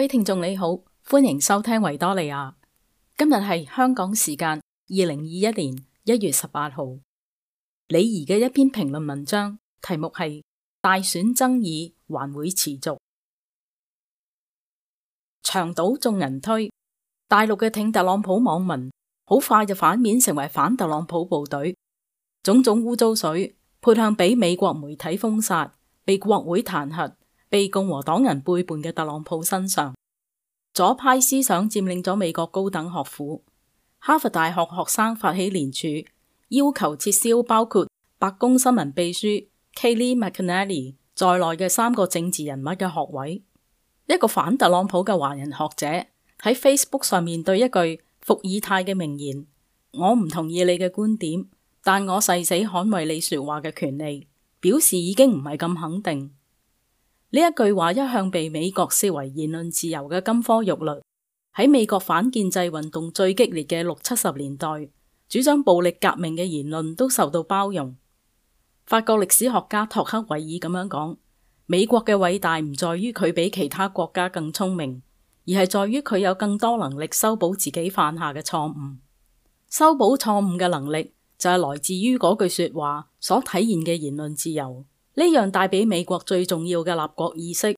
各位聽眾你好，歡迎收聽維多利亞。今日係香港時間二零二一年一月十八號。李怡嘅一篇評論文章，題目係大選爭議還會持續。牆倒眾人推，大陸嘅挺特朗普網民，好快就反面成為反特朗普部隊，種種污糟水潑向俾美國媒體封殺，被國會彈劾。被共和黨人背叛嘅特朗普身上，左派思想佔領咗美國高等學府。哈佛大學學生發起聯署，要求撤銷包括白宮新聞秘書 Kayleigh McEnany 在內嘅三個政治人物嘅學位。一個反特朗普嘅華人學者喺 Facebook 上面對一句伏爾泰嘅名言：我唔同意你嘅觀點，但我誓死捍衛你說話嘅權利。表示已經唔係咁肯定。呢一句話一向被美國視為言論自由嘅金科玉律。喺美國反建制運動最激烈嘅六七十年代，主張暴力革命嘅言論都受到包容。法國歷史學家托克維爾咁樣講：「美國嘅偉大唔在於佢比其他國家更聰明，而係在於佢有更多能力修補自己犯下嘅錯誤。修補錯誤嘅能力就係來自於嗰句說話所體現嘅言論自由。」呢樣帶俾美國最重要嘅立國意識，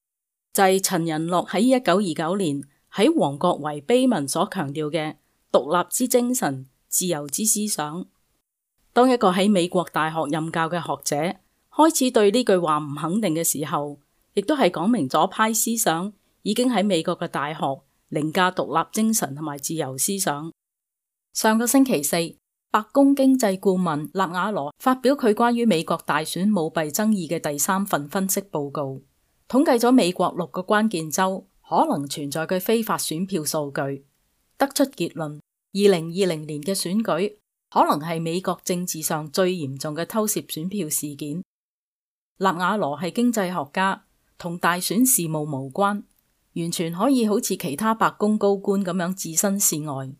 就係陳寅恪喺一九二九年喺《王國維碑文》所強調嘅獨立之精神、自由之思想。當一個喺美國大學任教嘅學者開始對呢句話唔肯定嘅時候，亦都係講明咗左派思想已經喺美國嘅大學凌駕獨立精神同埋自由思想。上個星期四，白宮經濟顧問納瓦羅發表佢關於美國大選舞弊爭議嘅第三份分析報告，統計咗美國六個關鍵州可能存在嘅非法選票數據，得出結論：二零二零年嘅選舉可能係美國政治上最嚴重嘅偷竊選票事件。納瓦羅係經濟學家，同大選事務無關，完全可以好似其他白宮高官咁樣置身事外。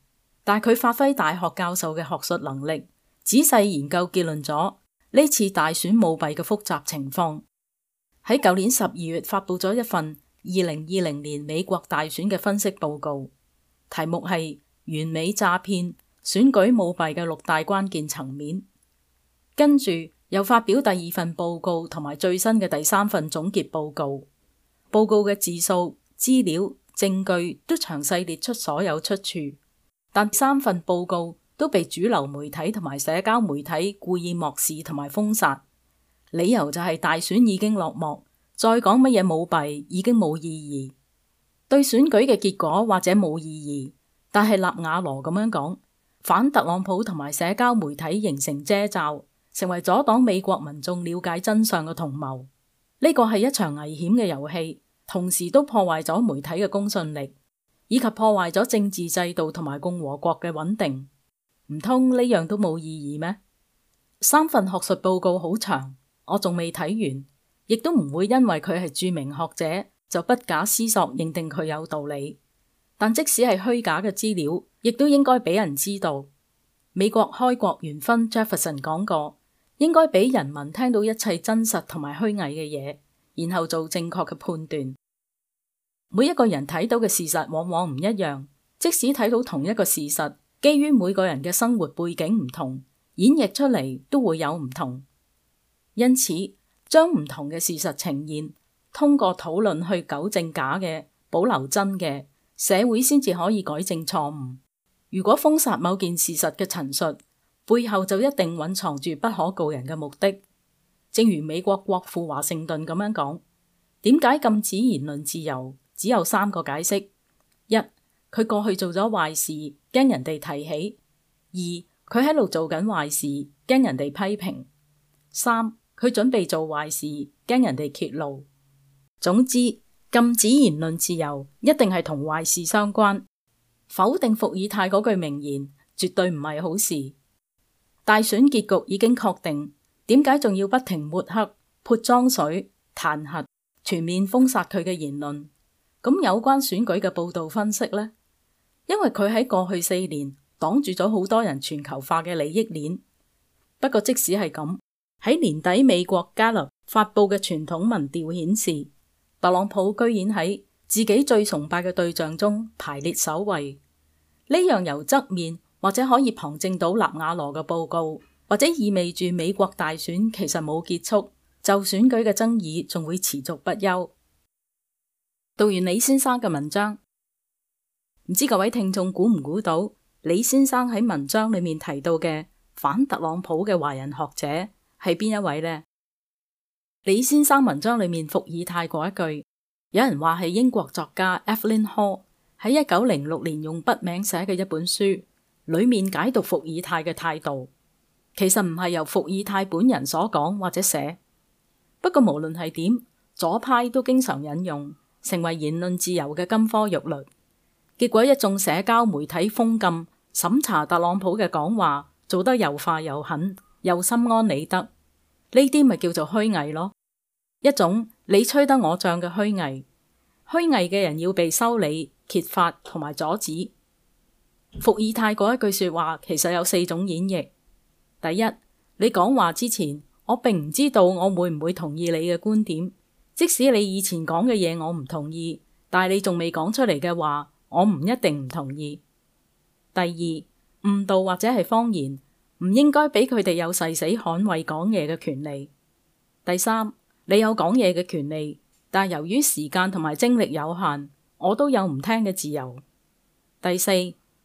但佢發揮大學教授嘅學術能力，仔細研究結論咗呢次大選舞弊嘅複雜情況。喺舊年十二月發佈咗一份二零二零年美國大選嘅分析報告，題目係《完美詐騙，選舉舞弊嘅六大關鍵層面》。跟住又發表第二份報告，同埋最新嘅第三份總結報告。報告嘅字數、資料、證據都詳細列出所有出處。但三份報告都被主流媒體同埋社交媒體故意漠視同埋封殺，理由就係大選已經落幕，再講乜嘢舞弊已經冇意義，對選舉嘅結果或者冇意義。但係納瓦羅咁樣講，反特朗普同埋社交媒體形成遮罩，成為阻擋美國民眾了解真相嘅同謀。呢、這個係一場危險嘅遊戲，同時都破壞咗媒體嘅公信力。以及破壞咗政治制度同埋共和國嘅穩定，唔通呢樣都冇意義咩？三份學術報告好長，我仲未睇完，亦都唔會因為佢係著名學者就不假思索認定佢有道理。但即使係虛假嘅資料，亦都應該俾人知道。美國開國元勳傑佛遜講過：應該俾人民聽到一切真實同埋虛偽嘅嘢，然後做正確嘅判斷。每一個人睇到嘅事實往往唔一樣，即使睇到同一個事實，基於每個人嘅生活背景唔同，演繹出嚟都會有唔同。因此，將唔同嘅事實呈現，通過討論去糾正假嘅，保留真嘅，社會先至可以改正錯誤。如果封殺某件事實嘅陳述，背後就一定蘊藏住不可告人嘅目的。正如美國國父華盛頓咁樣講：點解禁止言論自由？只有三個解釋：一、佢過去做咗壞事，驚人哋提起；二、佢喺度做緊壞事，驚人哋批評；三、佢準備做壞事，驚人哋揭露。總之，禁止言論自由一定係同壞事相關。否定伏爾泰嗰句名言，絕對唔係好事。大選結局已經確定，點解仲要不停抹黑、潑髒水、彈劾、全面封殺佢嘅言論？咁有關選舉嘅報道分析呢，因為佢喺過去四年擋住咗好多人全球化嘅利益鏈。不過即使係咁，喺年底美國加勒發布嘅傳統民調顯示，特朗普居然喺自己最崇拜嘅對象中排列首位。呢樣由側面或者可以旁證到納瓦羅嘅報告，或者意味住美國大選其實冇結束，就選舉嘅爭議仲會持續不休。讀完李先生嘅文章，唔知各位聽眾估唔估到李先生喺文章裏面提到嘅反特朗普嘅華人學者係邊一位咧？李先生文章裏面伏爾泰嗰一句，有人話係英國作家 Evelyn Hall 喺一九零六年用筆名寫嘅一本書，裏面解讀伏爾泰嘅態度，其實唔係由伏爾泰本人所講或者寫。不過無論係點，左派都經常引用，成為言論自由嘅金科玉律，結果一眾社交媒體封禁、審查特朗普嘅講話做得又快又狠又心安理得，呢啲咪叫做虛偽咯？一種你吹得我脹嘅虛偽，虛偽嘅人要被修理、揭發同埋阻止。伏爾泰嗰一句說話，其實有四種演繹：第一，你講話之前，我並唔知道我會唔會同意你嘅觀點。即使你以前講嘅嘢我唔同意，但係你仲未講出嚟嘅話，我唔一定唔同意。第二，誤導或者係謊言，唔應該俾佢哋有誓死捍衛講嘢嘅權利。第三，你有講嘢嘅權利，但由於時間同埋精力有限，我都有唔聽嘅自由。第四，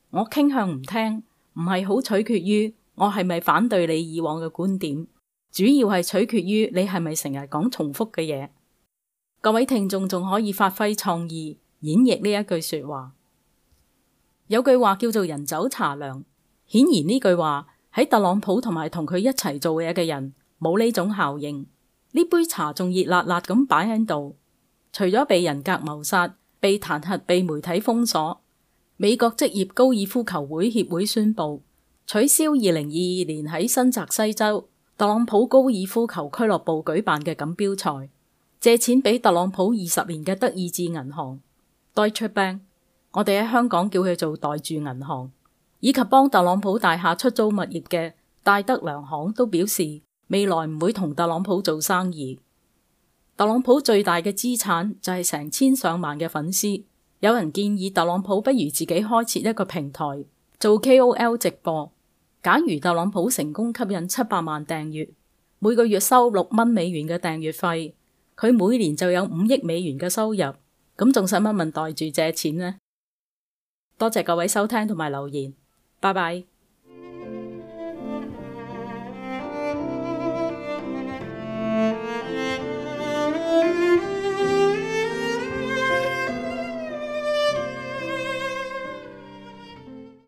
我傾向唔聽，唔係好取決於我係咪反對你以往嘅觀點，主要係取決於你係咪成日講重複嘅嘢。各位聽眾仲可以發揮創意演繹呢一句說話。有句話叫做人走茶涼，顯然呢句話喺特朗普同埋同佢一齊做嘢嘅人冇呢種效應。呢杯茶仲熱辣辣咁擺喺度，除咗被人格謀殺、被彈劾、被媒體封鎖，美國職業高爾夫球會協會宣布取消二零二二年喺新澤西州特朗普高爾夫球俱樂部舉辦嘅錦標賽。借錢俾特朗普二十年嘅德意志銀行 Deutsche Bank，我哋喺香港叫佢做代住銀行，以及幫特朗普大廈出租物業嘅戴德梁行都表示，未來唔會同特朗普做生意。特朗普最大嘅資產就係成千上萬嘅粉絲。有人建議特朗普不如自己開設一個平台做 KOL 直播。假如特朗普成功吸引七百萬訂閱，每個月收六蚊美元嘅訂閱費。佢每年就有五億美元嘅收入，咁仲使乜問袋住借錢呢？多謝各位收聽同埋留言，拜拜。